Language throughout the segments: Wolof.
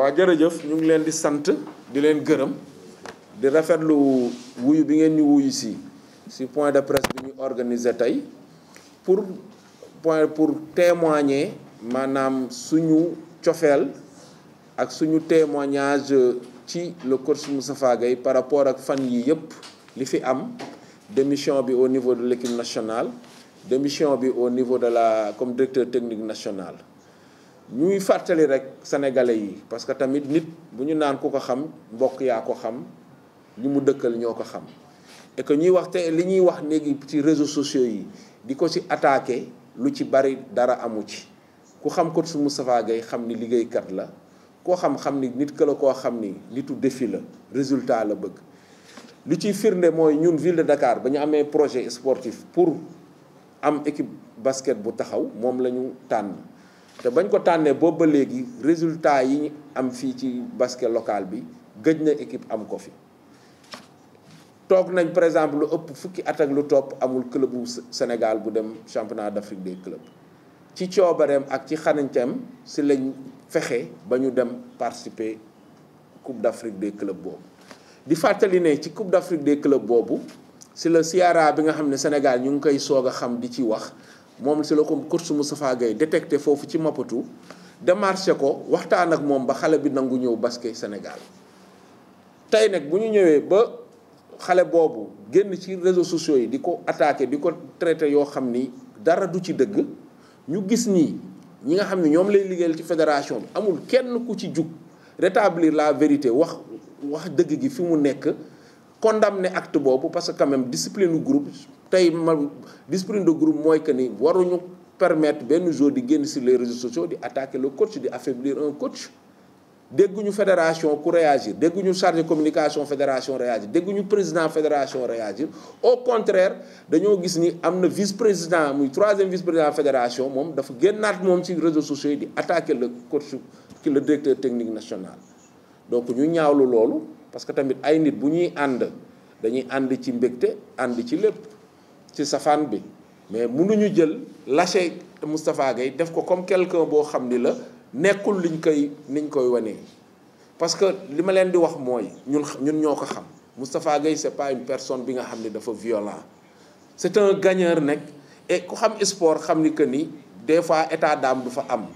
waa jërëjëf ñu ngi leen di sant di leen gërëm di rafetlu wuyu bi ngeen ñu wuyu si si point de presse bi ñu organiser tey pour point pour témoigner maanaam suñu cofeel ak suñu témoignage ci le coach Moustapha Gueye par rapport ak fan yi yëpp li fi am démission bi au niveau de l'équipe nationale démission bi au niveau de la comme directeur technique nationale ñuy fàttali rek sénégalais yi parce que tamit nit bu ñu naan ku ko xam mbokk yaa ko xam li mu dëkkal ñoo ko xam et que ñuy wax te li ñuy wax léegi ci réseau sociaux yi di ko ci attaqué lu ci bari dara amu ci ku xam ko su Moustapha xam ni liggéeykat la koo xam-xam ni nit ka koo xam ni nitu défi la résultat la bëgg lu ciy firnde mooy ñun ville de Dakar ba ñu amee projet sportif pour am équipe basket bu taxaw moom la ñu tànn te bañ ko tànnee boobu ba léegi résultat yi am fii ci basket local bi gëj na équipe am ko fi toog nañ par exemple lu ëpp fukki at ak lu topp amul club bu Sénégal bu dem championnat d'Afrique des clubs ci coobareem ak ci xanañteem si lañ fexe ba ñu dem participer coupe d'Afrique des clubs boobu. di fàttali ne ci coupe d'Afrique de clubs boobu si la Ciara bi nga xam ne Sénégal ñu ngi koy soog a xam di ci wax. moom si la ko coach Moustapha Gueye détecté foofu ci Maputo démarché ko waxtaan ak moom ba xale bi nangu ñëw basket senegal tey nag bu ñu ñëwee ba xale boobu génn ci réseau sociaux yi di ko attaque di ko traité yoo xam ni dara du ci dëgg ñu gis nii ñi nga xam ne ñoom lay liggéeyal ci fédération bi amul kenn ku ci jug rétablir la vérité wax wax dëgg gi fi mu nekk condamné act boobu parce que quand même discipline groupe tey ma discipline de groupe mooy que ni waruñu permettre benn jour di génn sur les réseaux sociaux di attaquer le coach di affaiblir un coach dégguñu fédération ku réagir dégguñu chargé communication fédération réagir dégguñu président fédération réagir au contraire dañoo gis ni am na vice président muy troisième vice président fédération moom dafa génnaat moom ci réseaux sociaux yi di attaquer le coach ki technique national donc ñu ñaawlu loolu parce que tamit ay nit bu ñuy ànd dañuy ànd ci mbégte ànd ci lépp ci safaan bi mais munuñu jël lâché Moustapha yi def ko comme quelqu'un boo xam ni la nekkul liñ koy niñ koy wanee parce que li ma leen di wax mooy ñun ñun ñoo ko xam Moustapha yi c'est pas une personne bi nga xam ni dafa violent c'est un gagneur nag et ku xam sport xam ni que ni des fois état d'âme du fa am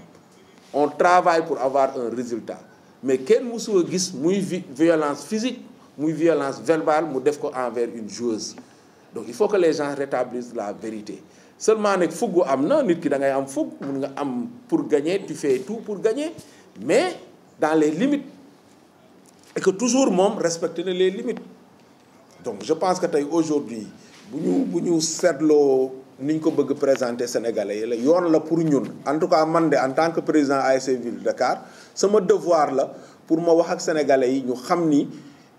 on travaille pour avoir un résultat mais kenn mësul gis muy violence physique muy violence verbale mu def ko envers une joueuse donc il faut que les gens rétablissent la vérité seulement nag fuggu am na nit ki da ngay am fugg mun nga am pour gagner tu fais tout pour gagner mais dans les limites et que toujours moom respecter na les limites donc je pense que tey aujourd'hui bu ñu bu ñu seetloo niñ ko bëgg présenter sénégalais yi la yoon la pour ñun en tout man de en tant que président ASC Ville car sama devoir la pour ma wax ak sénégalais yi ñu xam ni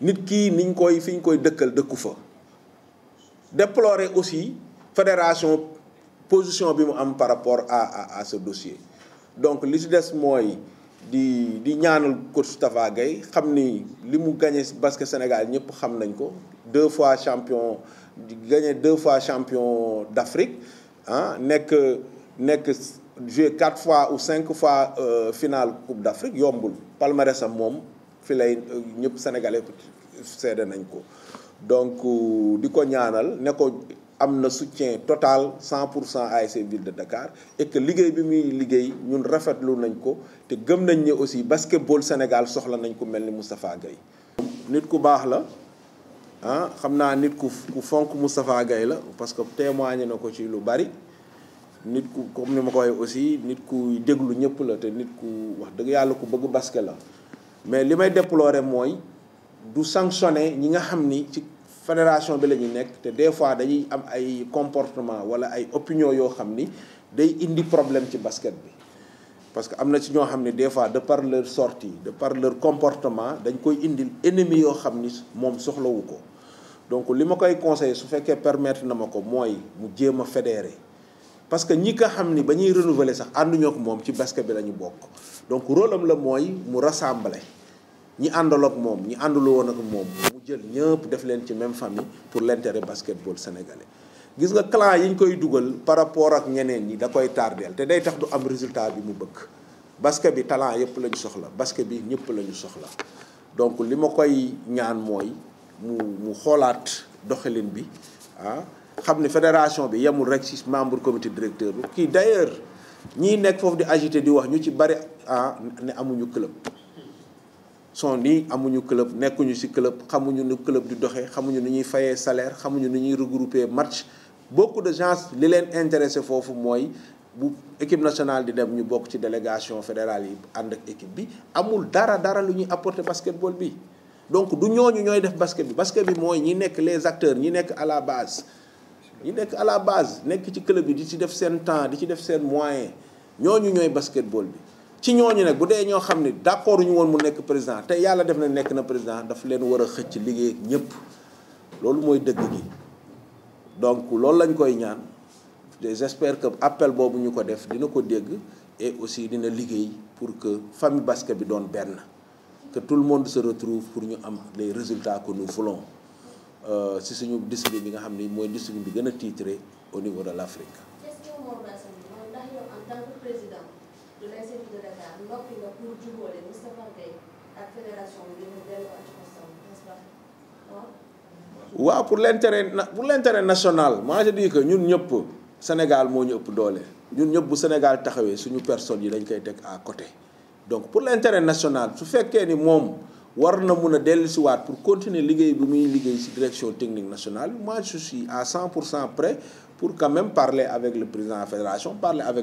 nit kii niñ koy fi ñu koy dëkkal dëkku fa. déplorer aussi fédération position bi mu am par rapport à à ce dossier donc li si des mooy. di di ñaanal coach Tafa Gueye xam ni li mu gagné basket Sénégal ñëpp xam nañ ko deux fois champion di gagné deux fois champion d'Afrique ah nekk nekk joué quatre fois ou cinq fois euh, finale Coupe d'Afrique yombul palmarès moom fi lay ñëpp sénégalais seede nañ ko donc euh, di ko ñaanal ne ko am na soutien total 100 pour cent ASC ville de Dakar et liggéey bi muy liggéey ñun rafetlu nañ ko te gëm nañ ni aussi basketball Sénégal soxla nañ ko mel ni Moustapha Gueye nit ku baax la ah xam naa nit ku ku fonk Moustapha Gaye la parce que témoigné na ko ci lu bari nit ku comme ni ma ko waxee aussi nit ku déglu ñëpp la te nit ku wax dëgg yàlla ku bëgg basket la mais li may déplorer mooy du sanctionner ñi nga xam ni ci fédération bi la ñu nekk te des fois dañuy am ay comportement wala ay opinion yoo xam ni day indi problème ci basket bi parce que am na ci ñoo xam ne des fois de par sorti de par comportement dañ koy indi ennemi yoo xam ni moom soxlawu ko donc li ma koy conseillé su fekkee permettre na ma ko mooy mu jéem a fédéré parce que ñi nga xam ni ba ñuy renouveler sax ànduñoo ak moom ci basket bi la ñu bokk donc rôle am la mooy mu rassembler ñi àndal ak moom ñi àndul woon ak moom mu jël ñëpp def leen ci même famille pour l'intérêt basketball sénégalais gis nga clan yi ñu koy dugal par rapport ak ñeneen ñi da koy tardeel te day tax du am résultat bi mu bëgg basket bi talent yëpp la ñu soxla basket bi ñëpp la ñu soxla donc li ma koy ñaan mooy mu mu xoolaat doxalin bi ah xam ne fédération bi yemul rek ci membre comité directeur bi kii d'ailleurs ñiy nekk foofu di agité di wax ñu ci bari ah ne amuñu club son ni amuñu club nekkuñu ci club xamuñu nu club di doxee xamuñu nu ñuy fayee salaire xamuñu ni ñuy regrouper match bokk de gens li leen intéressé foofu mooy bu équipe nationale di dem ñu bokk ci délégation fédérale yi ànd ak équipe bi amul dara dara lu ñuy apporter basketball bi donc du ñooñu ñooy def basket bi basket bi mooy ñi nekk les acteurs ñi nekk à la base. ñi nekk à base nekk ci club bi di ci def seen temps di ci def seen moyen ñooñu ñooy bool bi ci ñooñu nag bu dee ñoo xam ne d'accord ñu woon mu nekk président te yàlla def na nekk na président daf leen war a xëcc liggéey ak ñëpp loolu mooy dëgg gi donc loolu lañ koy ñaan j'espère que appel boobu ñu ko def dina ko dégg et aussi dina liggéey pour que famille basket bi doon benn que tout le monde se retrouve pour ñu am les résultats que nous voulons euh, si suñu discipline bi nga xam ni mooy discipline bi gën a titré au niveau de l' Afrique. waaw pour l' intérêt pour leen intérêt national moi je dis que ñun ñëpp Sénégal moo ñu ëpp doole ñun ñëpp bu Sénégal taxawee suñu personne yi lañ koy teg à côté. donc pour l'intérêt national su fekkee ni moom war na mun a dellusiwaat pour continuer liggéey bi muy liggéey si direction technique national moi je suis à cent pour cent prêt pour quand même parler avec le président de la fédération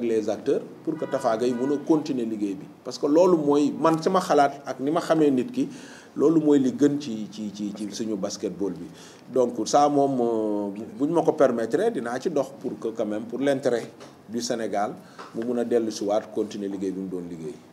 les acteurs pour que Tafa Gueye mun a continuer liggéey bi parce que loolu mooy man sama xalaat ak ni ma xamee nit ki loolu mooy li gën ci ci ci ci suñu basketball bi donc saa moom euh, bu buñ ma ko permettre dinaa ci dox pour que quand même pour l'intérêt du Sénégal mu mun a dellusiwaat continuer liggéey bi mu doon liggéey